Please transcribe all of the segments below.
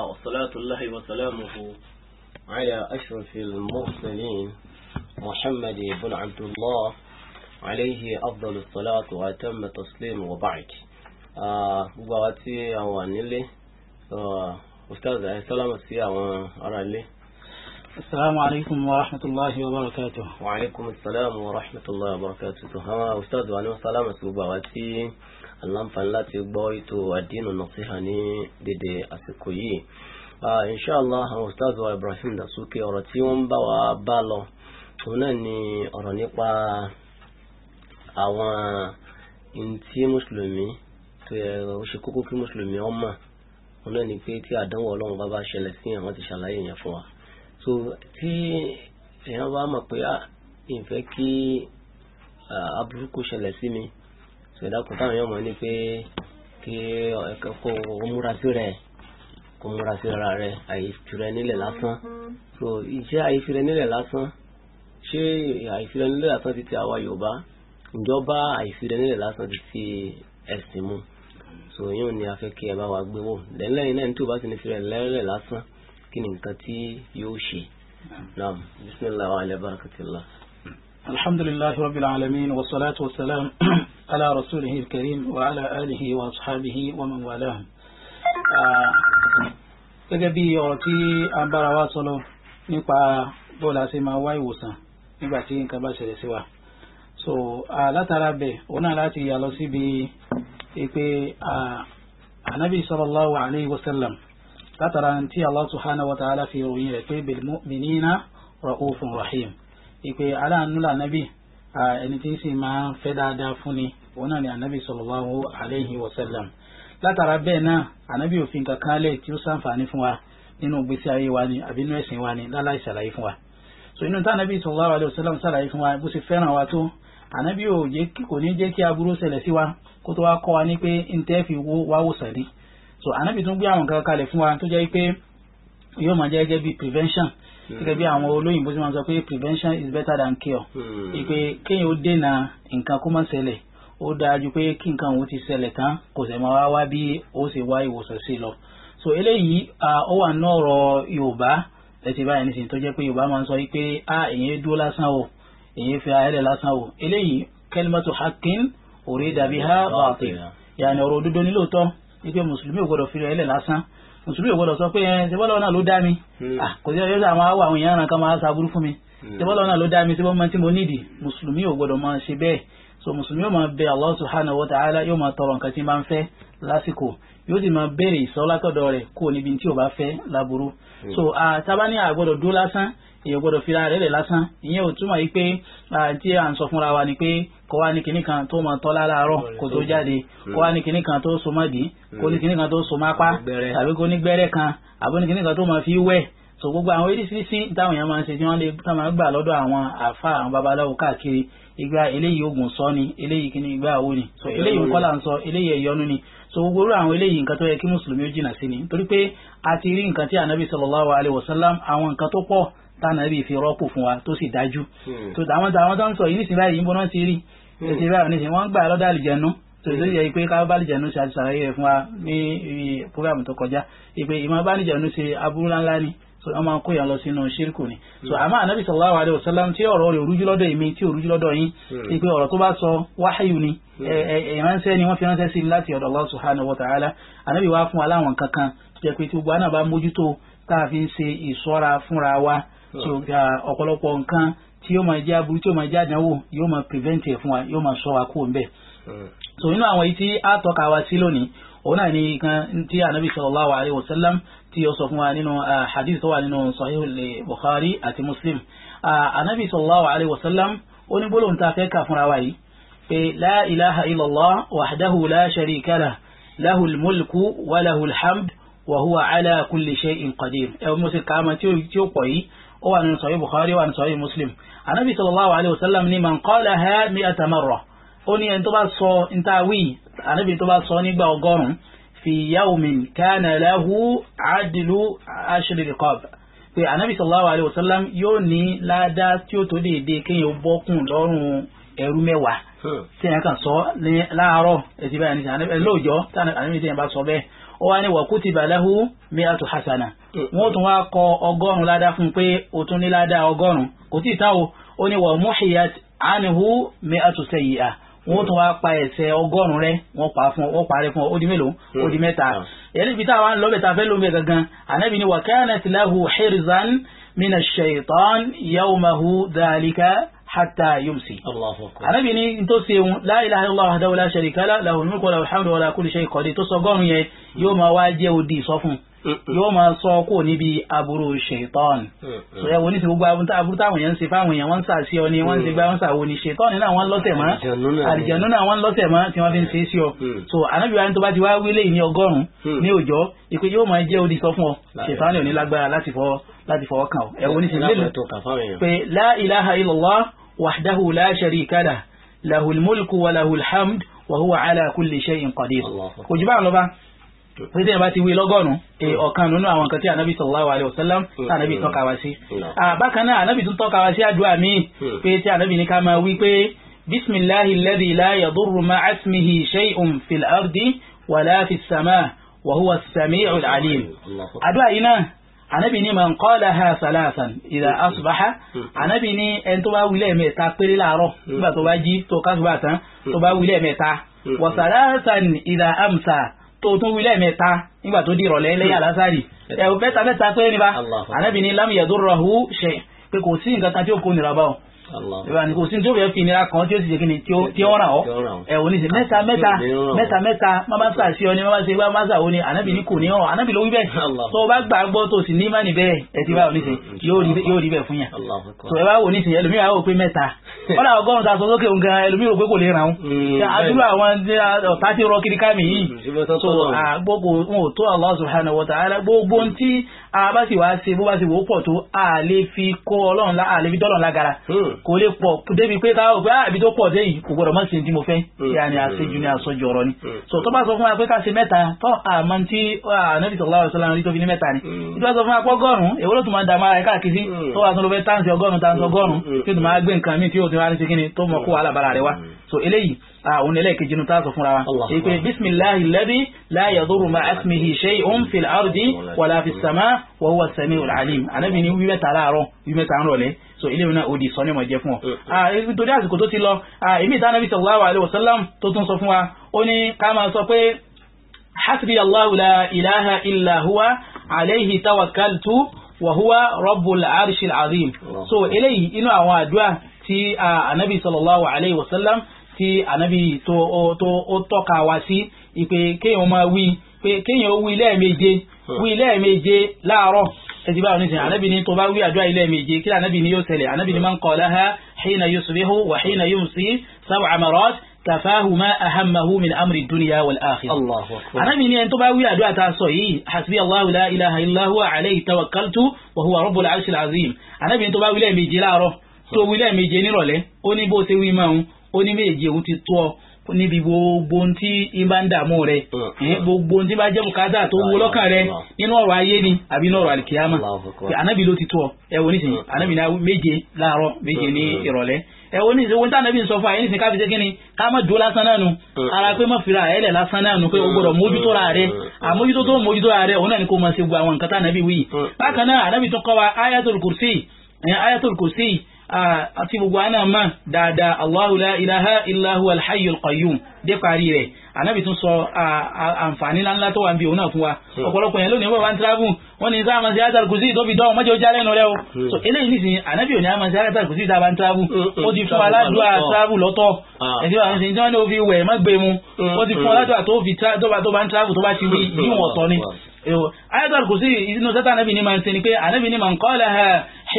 وصلاة الله وسلامه على أشرف المرسلين محمد بن عبد الله عليه أفضل الصلاة وأتم التسليم وبعد gbogbo àwọn tí a wà nílé ọ̀sítàzà ẹ̀ sálámà sí السلام عليكم ورحمة الله وبركاته وعليكم السلام ورحمة الله وبركاته ها أستاذ وعليكم السلام وبركاته اللهم láti gbọ́ ètò àdínù nọ̀síhà ní dédé àsìkò yìí inṣáàlá àwọn ustaz wa Ibrahim Dasuki ọ̀rọ̀ tí wọ́n ń bá wa bá lọ òun náà ni ọ̀rọ̀ nípa àwọn ntí mùsùlùmí tó yẹ ó ṣe kókó kí mùsùlùmí ọmọ òun náà ni pé tí àdánwò ọlọ́run bá bá ṣẹlẹ̀ sí yẹn wọ́n ti ṣàlàyé yẹn fún wa so tí èèyàn wá mọ̀ pé ah, à ìfẹ́ kí aburú kò ṣẹlẹ̀ sí mi so ìdákùn táwọn èèyàn mọ̀ ni pé kí ẹ̀kọ́ kó múra sí rẹ̀ kó múra sí ara rẹ̀ àìfirẹ́ nílẹ̀ lásán so ìjẹ́ àìfirẹ́ nílẹ̀ lásán ṣé àìfirẹ́ nílẹ̀ lásán ti ti àwa Yorùbá ìjọba àìfirẹ́ nílẹ̀ lásán ti ti ẹ̀sìn mu so yóò ní afẹ́ kí ẹ bá wa gbé wò lẹ́lẹ́yìn náà nítorí bá ti ní firẹ́ lẹ́rẹ̀ lásán kí ni nǹkan tí yóò ṣe naam bisimilah wa alayhi barakatillah. alhamdulilah rabbil alamin wa salatu wa salam ala rasulihi karim wa ala alihi wa ashabihi wa man walahum. gẹ́gẹ́ bí ọ̀rọ̀ tí a ń bára wa sọ̀rọ̀ nípa bọ́ọ̀lù àti máa wá ìwòsàn nígbà tí nǹkan bá ṣẹlẹ̀ sí wa so látara bẹ̀ òun náà láti yà lọ síbi pé anabi sallallahu alayhi wa sallam látara tí Allah subhanahu wa ta'ala fi ròyìn rẹ̀ pé bil mu'minina ra'ufun rahim ìpè aláàánú lànàbì ẹni tí ń sì máa fẹ́ dáadáa fún ni òun náà ni ànábì sallallahu alayhi wa sallam látara bẹ́ẹ̀ náà ànábì òfin kankan lẹ̀ tí ó sàǹfààní fún wa nínú gbèsè ayé wa ni àbí inú ẹ̀sìn wa ni láláì ṣàlàyé fún wa so inú tánàbí sallallahu alayhi wa sallam ṣàlàyé fún wa bó ṣe fẹ́ràn wa tó ànábì ò jẹ́ kò ní jẹ́ kí aburú ṣẹlẹ̀ sí wa kó tó wá kọ́ wa ní pé ntẹ́ fi wá wò sàrí so anabi tún gbé àwọn nǹkan kalẹ̀ fún wa tó jẹ́ pé yóò máa jẹ́ bí prevention hmm. gẹ́gẹ́ bí àwọn olóyìnbó ti máa sọ pé prevention is better than cure ìpè hmm. kéèyàn ó dènà nǹkan kó má ṣẹlẹ̀ ó dájú pé kí nǹkan òun ti ṣẹlẹ̀ tán kò sẹ̀ máa wá wá bí ó ṣe wá ìwòsàn sí lọ so eléyìí ó wà ní ọ̀rọ̀ yorùbá ẹtì báyìí nísìnyí tó jẹ́ pé yorùbá máa ń sọ pé a èyí dúró lásán o èyí fi ayẹ́lẹ̀ lásán o eléyìí kẹlímọ́tò hakin òrè dàbí ha bàtì yàní ọ̀rọ̀ òdodo nílòótọ́ wípé mùsùlùmí ò gbọdọ̀ fi rẹ̀ ẹlẹ̀ lásán mùsùlùmí ò gbọdọ̀ sọ pé ẹ eh, ṣe bọ́lá ọ̀nà ló dá mi hmm. ah, kò sí ọjọ́ àwọn awọ àwọn èèyàn kan máa ṣàbúrú fún mi hmm. ṣe bọ́lá ló dá mi ṣe bọ́ tí mo nídìí mùsùlùmí ò gbọdọ̀ máa ṣe bẹ́ẹ̀ so mùsùlùmí yóò máa bẹ Allah subhanahu wa ta'ala yóò máa tọrọ nǹkan tí ń bá ń fẹ́ lásìkò yóò sì máa béèrè ìsọlákọ̀dọ̀ rẹ̀ kó níbi tí ò bá fẹ́ láburú hmm. so àtàbá ah, ní àgbọ̀dọ̀ dúró lásán èèyàn gbọ́dọ̀ fira rẹ̀ lẹ̀ lásán ìyẹn ò túmọ̀ yìí pé ah, tí à ń sọ fúnra wa ni pé kó wá ní kinní kan tó máa tọ́ láàárọ̀ kó tó jáde kó wá ní kinní kan tó so mọ́dì kó ní hmm. kinní kan tó so mápá tàbí kó ní gbẹ́rẹ́ kan àbó ní kinní kan tó máa fi wẹ̀ so gbogbo àwọn oríṣiríṣi táwọn èèyàn máa ń ṣe tí wọ́n lè tá máa gbà lọ́dọ̀ àwọn àfa àwọn babaláwo káàkiri ìgbà eléyìí oògùn sọ ni eléyìí kinní ìgbà àwo ni so eléyìí nkọ́là ń sọ eléyìí ẹ̀yọ́nú ni so gbogbo irú àwọn eléyìí nǹkan tó yẹ kí mùsùlùmí ó jìnnà sí ni torí pé a ti rí nǹkan tí anabi sallallahu alayhi wa sallam àwọn nǹkan tó pọ̀ tánà bíi fi rọ́pò fún wa tó sì dájú hmm. tó àwọn táwọn tó ń sọ yìí nísìnyí báyìí ń bọ́ náà ti rí ètò hmm. ìbáyọ̀ nísìnyí wọ́n ń gbà lọ́dọ̀ àlìjẹ̀nu tòló yẹ pé ká bánijẹ̀nu ṣe àṣàlàyé rẹ̀ fún wa ní ibi programu tó kọjá ìpè ìmọ̀ bánijẹ̀nu ṣe aburú ńláńlá ni wọ́n máa ń kóyàn lọ sínú ṣírkù ni hmm. so àmọ́ ànábì sallallahu alaihi wasallam tí ọ̀rọ̀ rẹ̀ orújú lọ́dọ̀ èmi tí orújú lọ́dọ̀ yín ti pé ọ̀rọ̀ ni ìránṣẹ́ ni wọ́n fi Allah subhanahu wa ta'ala ànábì wá fún wa láwọn kankan jẹ́ pé tí gbogbo àná bá so ọ̀pọ̀lọpọ̀ nǹkan tí yóò máa jẹ́ aburú tí yóò máa jẹ́ àdánwò yóò máa prevent ẹ̀ fún wa yóò máa sọ wa kúrò ńbẹ̀. Hmm. so nínú àwọn yìí tí a tọ́ka wa sí lónìí òun náà ni kan tí anabi sallallahu alayhi wa sallam tí ó sọ fún wa nínú hadith tó wà nínú sahih bukhari àti muslim anabi sallallahu alayhi wa sallam ó ní gbólóhùn tá a fẹ́ kà fúnra wa yìí pé la ilaha illallah wahdahu la sharika lah lahul mulku wa lahul hamd wa ẹ̀ mo ti tí ó pọ̀ yìí ó wà nínú sọ̀rọ̀ Bukhari wà nínú sọ̀rọ̀ Muslim anabi sallallahu alayhi wa sallam ni man qala ha mi'ata marra ó ní ẹni tó bá sọ níta wí anabi tó bá sọ nígbà ọgọ́rùn-ún fi yawmin kana lahu adlu ashri riqab pé anabi sallallahu alayhi wa sallam yóò ní ládá tí ó tó déédéé kéèyàn bọ́kùn lọ́rùn ẹrú mẹ́wàá hmm. tí ẹ̀yàn kan sọ ní láàárọ̀ ẹ̀sìn báyìí ní lóòjọ́ tí anabi sọ bẹ́ẹ̀ ó wá ní wàkútìbà láhù miatu hasana mm. wọ́n tún wá kọ ọgọ́rùn-ún ládá fún un pé ó tún ní ládá ọgọ́rùn-ún kò tí ì táwo ó ní wọ́n muhiyat anhu miatu sayyi'a wọ́n tún wá pa ẹ̀ṣẹ̀ ọgọ́rùn-ún rẹ̀ wọ́n pa fún wọ́n parẹ́ fún ó mélòó ó mm. mẹ́ta mm. yẹ́nì bí táwa ń lọ́bẹ̀ tá fẹ́ lómi gangan ànábì ni wa kanat lahu hirzan mina shaytan yawmahu dhalika حتى يمسي الله أكبر أنا بني انتوسي لا إله إلا الله وحده لا شريك له له الملك وله الحمد ولا كل شيء قدير تصغون يوم واجه ودي صفون yóò máa sọ kó níbi aburú ṣètọ́n ẹ wo ní ti gbogbo abúta abúta àwọn èèyàn ń ṣe fáwọn èèyàn wọ́n ń sàṣẹ ọ ni wọ́n ń ṣe gbá wọ́n ṣàwo ni ṣètọ́n náà wọ́n lọ́tẹ̀ mọ́ àlìjẹ̀nú náà wọ́n lọ́tẹ̀ mọ́ tí wọ́n fi ń ṣe é sí ọ mm. so anábìwá ní tó bá ti wá wílé ní ọgọ́rùn-ún mm. ní òjọ́ ìpè yóò máa jẹ́ odi sọ fún ọ ṣètọ́n ní ò ní lágbára láti fọwọ́ kàn ọ ẹ wo ní ti lé pé la ilaha illallah وحده لا شريك له له الملك وله الحمد وهو على كل شيء قدير òjìbá àwọn ọba pété ìbá ti wí lọ́gọ́rùn-ún e, ọ̀kan nínú àwọn nǹkan tí anabi sallallahu alayhi wa sallam anabi hmm. tọ́ka wá sí. Hmm. bákan náà anabi tún tọ́ka wá sí àdúrà míì hmm. pé tí anabi ní ká máa wí pé bisimilahi alladhi la yadurru ma'a ismihi shay'un fil ardi wala fis sama wa huwa as-sami'ul alim. àdúrà yìí náà anabi ni man qalaha salasan idha mm-hmm. asbaha anabi mm-hmm. ni ẹni tó bá wílẹ̀ mẹ́ta péré láàárọ̀ mm-hmm. nígbà tó bá jí tó kásùbà tán tó bá wílẹ̀ mẹ́ta wa salasan idha amsa tó tún wílẹ̀ mẹ́ta nígbà tó di ìrọ̀lẹ́ lẹ́yìn alásàrì ẹ̀wọ̀n mẹ́ta mẹ́ta péré ni bá anabi ni lam yadurruhu shay pé kò sí nǹkan kan tí ó kó nira bá wọn ìwà ni kò sí tó fẹ́ fi ìnira kan tí ó sì ṣe kíni tí ó ràn ọ́ ẹ̀wọ̀n ní ṣe ah, mẹ́ta mẹ́ta mẹ́ta mẹ́ta mamasa sí ọ ni mamasa ìgbà mamasa wo ni anabi ni kò ní ọ anabi ló wí bẹ́ẹ̀ tó o bá gbà gbọ́ tó o sì ní mánì bẹ́ẹ̀ ẹ ti bá wò ní ṣe mm-hmm. yóò rí bẹ́ẹ̀ fún yàn tó ẹ bá wò ní ṣe ẹlòmíràn wò pé mẹ́ta wọ́n náà ọgọ́rùn-ún ta sọ sókè nǹkan ẹlòmíràn pé kò lè ràn án mm, àdúrà àwọn ọ̀tá tí ó rọ kiri ká mi yìí mm, gbogbo wọn ò tó Allah subhanahu wa ta'ala gbogbo ohun tí a bá sì wá ṣe bó bá ṣe wò ó pọ̀ tó a lè fi kó ọlọ́run lá a lè fi dọ́lọ́run lágara hmm. kò lè pọ̀ débi pé ká òpé àbí ah, tó pọ̀ déyìí kò gbọ́dọ̀ má ṣe ní tí mo fẹ́ yà ni àṣejù ni àṣọjù ọ̀rọ̀ ni hmm. so tó bá sọ fún wa pé ká ṣe mẹ́ta tó àmọ́ tí anabi sallallahu alaihi wasallam rí tó fi ní mẹ́ta ni hmm. tó bá sọ fún wa pé ọgọ́rùn-ún èwo ló tún máa dààmú ara ẹ̀ káàkiri tó wà tún ló fẹ́ táǹsì ọgọ́rùn-ún táǹsì ọgọ́rùn-ún tó tún máa gbé nǹkan míì tí ó ti wá ní ṣe kíni tó mọ̀ kó wàhálà bára rẹ̀ wá so eléyìí Ah, òun ẹlẹ́ẹ̀kejì nu táàsọ̀ fúnra wa ìpè bisimilahi lẹ́bí láyàdúró ma asmihi ṣe òun fi àrùdí wàlá fi sàmá wàhùwà sami alim anabi ni wí mẹ́ta láàárọ̀ wí mẹ́ta ń rọ̀lẹ́ so ilé mi náà odi sọ ní ọmọdé fún ọ. Mm. Ah, nítorí àsìkò tó ti lọ ah, èmi ìta anabi sallallahu alayhi wa sallam tó tún sọ fún wa ó ní ká máa sọ pé hasbi allahu la ilaha illa huwa alayhi tawakkaltu wa huwa rabbul arshil azim so eléyìí inú àwọn àdúrà tí anabi sallallahu alayhi wa sallam tí ànábì tó ó tọ́ka wá sí ìpè kéèyàn máa wí pé kéèyàn ó wí lẹ́ẹ̀méje hmm. wí lẹ́ẹ̀méje láàárọ̀ ẹtì báwọn ní sìn ànábì ní tó bá wí àdúrà ilé méje kí ànábì ní yóò ṣẹlẹ̀ ànábì ní máa ń kọ́ láha hina yusbihu wa hina yumsi sab'a marat kàfáhù má ahammahu min amri duniya wal akhirah. Ànábì ni ẹni tó bá wí àdúrà ta sọ yìí, hasbi Allahu la ilaha illa huwa alayhi tawakkaltu wa huwa rabbul arshil azim. Ànábì ni tó bá wí lẹ́ẹ̀mejì láàárọ̀, tó wí lẹ́ẹ̀mejì nírọ̀lẹ́, ó ní bó ṣe wí máa ń ó ní méje òun ti tó ọ níbi gbogbo ohun tí ń bá ń dààmú rẹ mm. gbogbo ohun tí bá jẹ́ bùkátà tó wọ lọ́kàn rẹ nínú ọ̀rọ̀ ayé ni àbí nínú ọ̀rọ̀ àlìkìyàmà ànábì ló ti tó ọ ẹ wo nísìnyí mm. ànábì náà méje láàárọ̀ méje ní mm. ìrọ̀lẹ́ ẹ wo nísìnyí wọn tí ń sọ fún àyè ká fi ṣe kíni ká má dúró lásán náà nu ara pé má fira ẹ lẹ̀ lásán náà nu pé o gbọ́dọ̀ mójútó ra rẹ àmójútó tó mójútó ra rẹ òun náà ni kò máa ṣe gbogbo àwọn nǹkan tá ànábì wí bákan náà ànábì tó kọ́ wa ayatul kursi ayatul kursi àti gbogbo àná mà dáadáa Allahu la ilaha illa huwal hayyul qayyum dé parí rẹ̀ ànábì tún sọ àǹfààní ńláńlá tó wà ń bi òun náà fún wa ọ̀pọ̀lọpọ̀ yẹn lónìí wọ́n wá ń travel wọ́n ní sáà màsí àtàlù kùsì tóbi dán ọmọdé ojú alẹ́ nù rẹ o hmm. so eléyìí nìsín ànábì òní àmàsí àtàlù kùsì tá a bá ń travel hmm, hmm, ó ti fún aládùá travel lọ́tọ̀ ẹ̀sìn wa ṣe ń jẹ́ wọn ní o fi wẹ̀ má gbé mu ó ti fún aládùá tó fi tó bá ń travel tó bá ti ní ìwọ̀n tọ́ ni ayatul kùsì inú sátà ànábì ni máa ń ṣe pé ànábì ni máa ń kọ́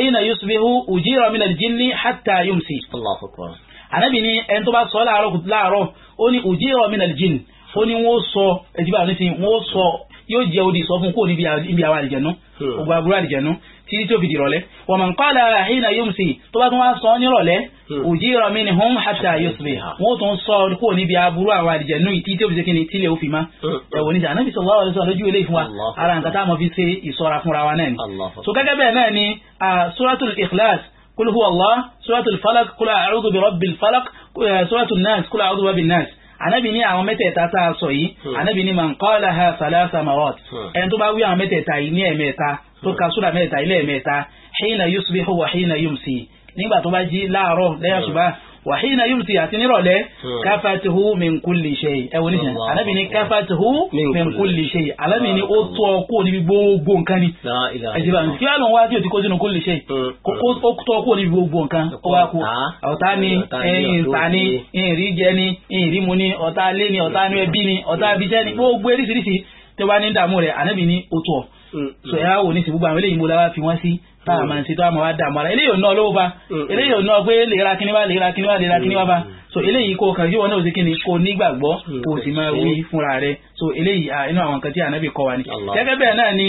hina yusbihu ujira min aljinni hatta yumsi Allahu akbar anabi ni ẹni tó bá sọ láàárọ̀ láàárọ̀ ó ní ujira min aljinni ó ní wọ́n sọ ẹ̀jibà nísìnyí wọ́n sọ yóò jẹ́ odi sọ fún kó níbi àwọn àlìjẹ̀nú ògbà hmm. àbúrò àlìjẹ̀nú títí tó fi dìrọ̀lẹ́ wọ́n mọ̀ nǹkan àlàra àhínà yóò sì tó bá tún wá sọ nírọ̀lẹ́ òjì hmm. ìrọ̀mí ni hum hatta yusbih hmm. wọ́n tún sọ kó níbi àbúrò àwọn àlìjẹ̀nú títí tó fi ṣe kíni tílé òfin ma ẹ̀wọ̀ níta anábì sallallahu alaihi wasallam lójú ilé ìfún wa ara nǹkan tá a mọ̀ fi ṣe ìṣọ́ra fúnra wa náà ni. so gẹ́gẹ́ bẹ́ẹ̀ náà ni suratul ikhlas kul allah suratul falak kul a'udhu bi rabbil falak eh, suratul nas kul a'udhu bi nas anabi ní àwọn mẹ́tẹ̀ẹ̀ta tá a sọ yìí anabi hmm. ní man qalaha salasa marat hmm. ẹni tó bá wí àwọn mẹ́tẹ̀ẹ̀ta yìí ní ẹ̀mẹ́ta tó ka súra mẹ́tẹ̀ẹ̀ta ilé ẹ̀mẹ́ta hina yusbihu wa hina yumsi nígbà tó bá jí láàárọ̀ lẹ́yìn àṣùbà hmm wàhíìnà yóò ti àti nírọ̀lẹ́ káfàtìhù mìnkúlì ṣe ẹwọ níṣẹ́ alábì ní káfàtìhù mìnkúlì ṣe alábì ní ó tọ́ kó níbi gbogbo nǹkan ni ẹ̀jẹ̀bà kí wàá lọ wá tí o ti kó sínú kúlì ṣe hmm. ó tọ́ kó níbi gbogbo nǹkan ó wá kú ah. ọ̀tá ni ẹ̀yìn ta ni ìrì jẹ ni ìrì mu ni ọ̀tá ilé ni ọ̀tá inú ẹbí ni ọ̀tá ibiṣẹ́ ni gbogbo eríṣiríṣi tí wàá ní dààmú rẹ̀ alábì ní ó tọ́ hmm. so ẹ̀ táwọn máa ń ṣe tó àwọn wá dààmú ara eléyìí ò ná lówó ba mm, mm. eléyìí ò ná pé lè kíní wá lè kíní wá lè kíní wá ba mm, so eléyìí kò kàn yíwọ náà ò sí kíni kò nígbàgbọ́ kò sì máa wí fúnra rẹ̀ so eléyìí inú àwọn nǹkan tí ànábì kọ́ wa ni gẹ́gẹ́ bẹ́ẹ̀ náà ni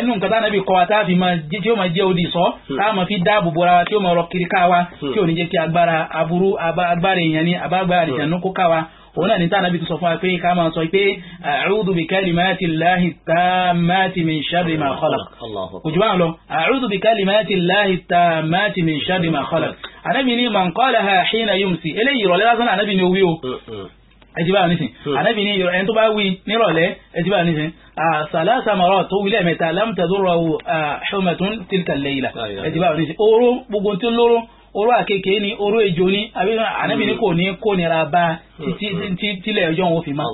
inú nǹkan tí ànábì kọ́ wa tá a fi máa jẹ́ tí ó máa jẹ́ odi sọ tá a máa fi dáàbò bora wa tí ó máa rọ kiri ká wa tí ò ní jẹ́ kí agbára aburú agbára èèyàn ni àbágbára àdìjànú kó ká wa òun náà ní tánà bí ti sọ fún wa pé ká máa sọ pé a'udhu bi kalimati llahi tammati min sharri ma khalaq òjò báwọn lọ a'udhu bi kalimati llahi tammati min sharri ma khalaq anábì ní man qalaha hina yumsi eléyìí ìrọ̀lẹ́ lásán anábì ní owí o mm, mm. ẹtìbá nísìn anábì mm. ní ẹni tó bá wí nírọ̀lẹ́ ẹtìbá nísìn salasa marrat tó wílẹ̀ mẹ́ta lam tadurruhu humatun tilka al-layla ẹtìbá nísìn oró gbogbo tí ó lóró oró àkekèé ni oró ejo ni àbí ànábì ni hmm. kò ní kó nira bá hmm, tílẹ̀ hmm. ọjọ́ òun fi máa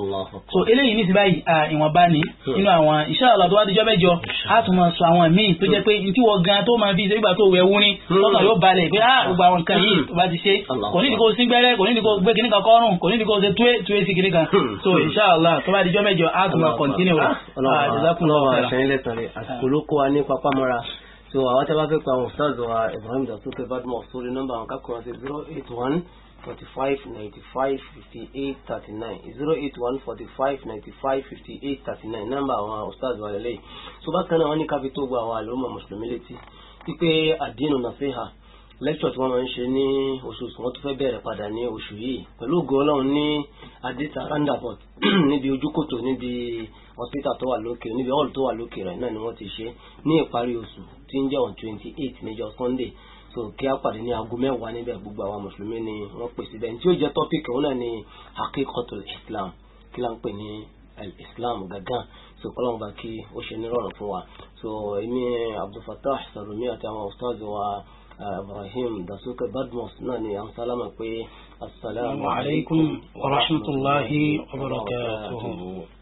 so eléyìí nísìnyí báyìí ìwọ̀nba ni nínú àwọn insha Allah tó wá dijọ́ mẹ́jọ á tún máa sọ àwọn míì tó jẹ́ pé ntí wọ́n gan tó máa fi ṣe ìgbà tó wẹ̀ wú ni lọ́kàn yóò balẹ̀ pé á ah, gbogbo àwọn nǹkan yìí tó bá ti ṣe kò ní ìdíkò síngbẹ́rẹ́ kò ní ìdíkò gbé kíní kan kọ́rùn kò ní ìdíkò ṣe túwé sí kíní kan so insha Allah tó bá dijọ́ tún máa continue so àwọn tí a bá fẹ́ pa àwọn ọ̀sáàzù wa Ibrahim Dasoke Badmus sórí nọ́mbà àwọn kákùnrin sí zero eight one forty five ninety five fifty eight thirty nine zero eight one forty five ninety five fifty eight thirty nine nọ́mbà àwọn ọ̀sáàzù wa lẹ́lẹ́yìí so bákan náà wọ́n ní káfí tó gba àwọn àlọ́ mọ̀ mùsùlùmí létí wípé àdínù nàṣẹ́hà lecture tí wọ́n máa ń ṣe ní oṣù tí wọ́n tún fẹ́ bẹ̀rẹ̀ padà ní oṣù yìí pẹ̀lú ògo ọlọ́run ní adita roundabout níbi ojúkòtò níbi hospital tó wà lókè níbi hall tó wà lókè rẹ̀ náà ni wọ́n ti ṣe ní ìparí oṣù tí ń jẹ́ on twenty eight níjọ́ sunday so kí a pàdé ní aago mẹ́wàá níbẹ̀ gbogbo àwọn mùsùlùmí ni wọ́n pè síbẹ̀ tí ó jẹ́ tọ́pìkì òun náà ni hakikotul islam kí là ń pè ní islam gangan so kọ́lọ́mù bá kí ó ṣe nírọ̀rùn fún wa so èmi abdulfatah salumi àti àwọn ustaz wa. ابراهيم دسوك برد مصناني ان سلام السلام عليكم ورحمه الله وبركاته.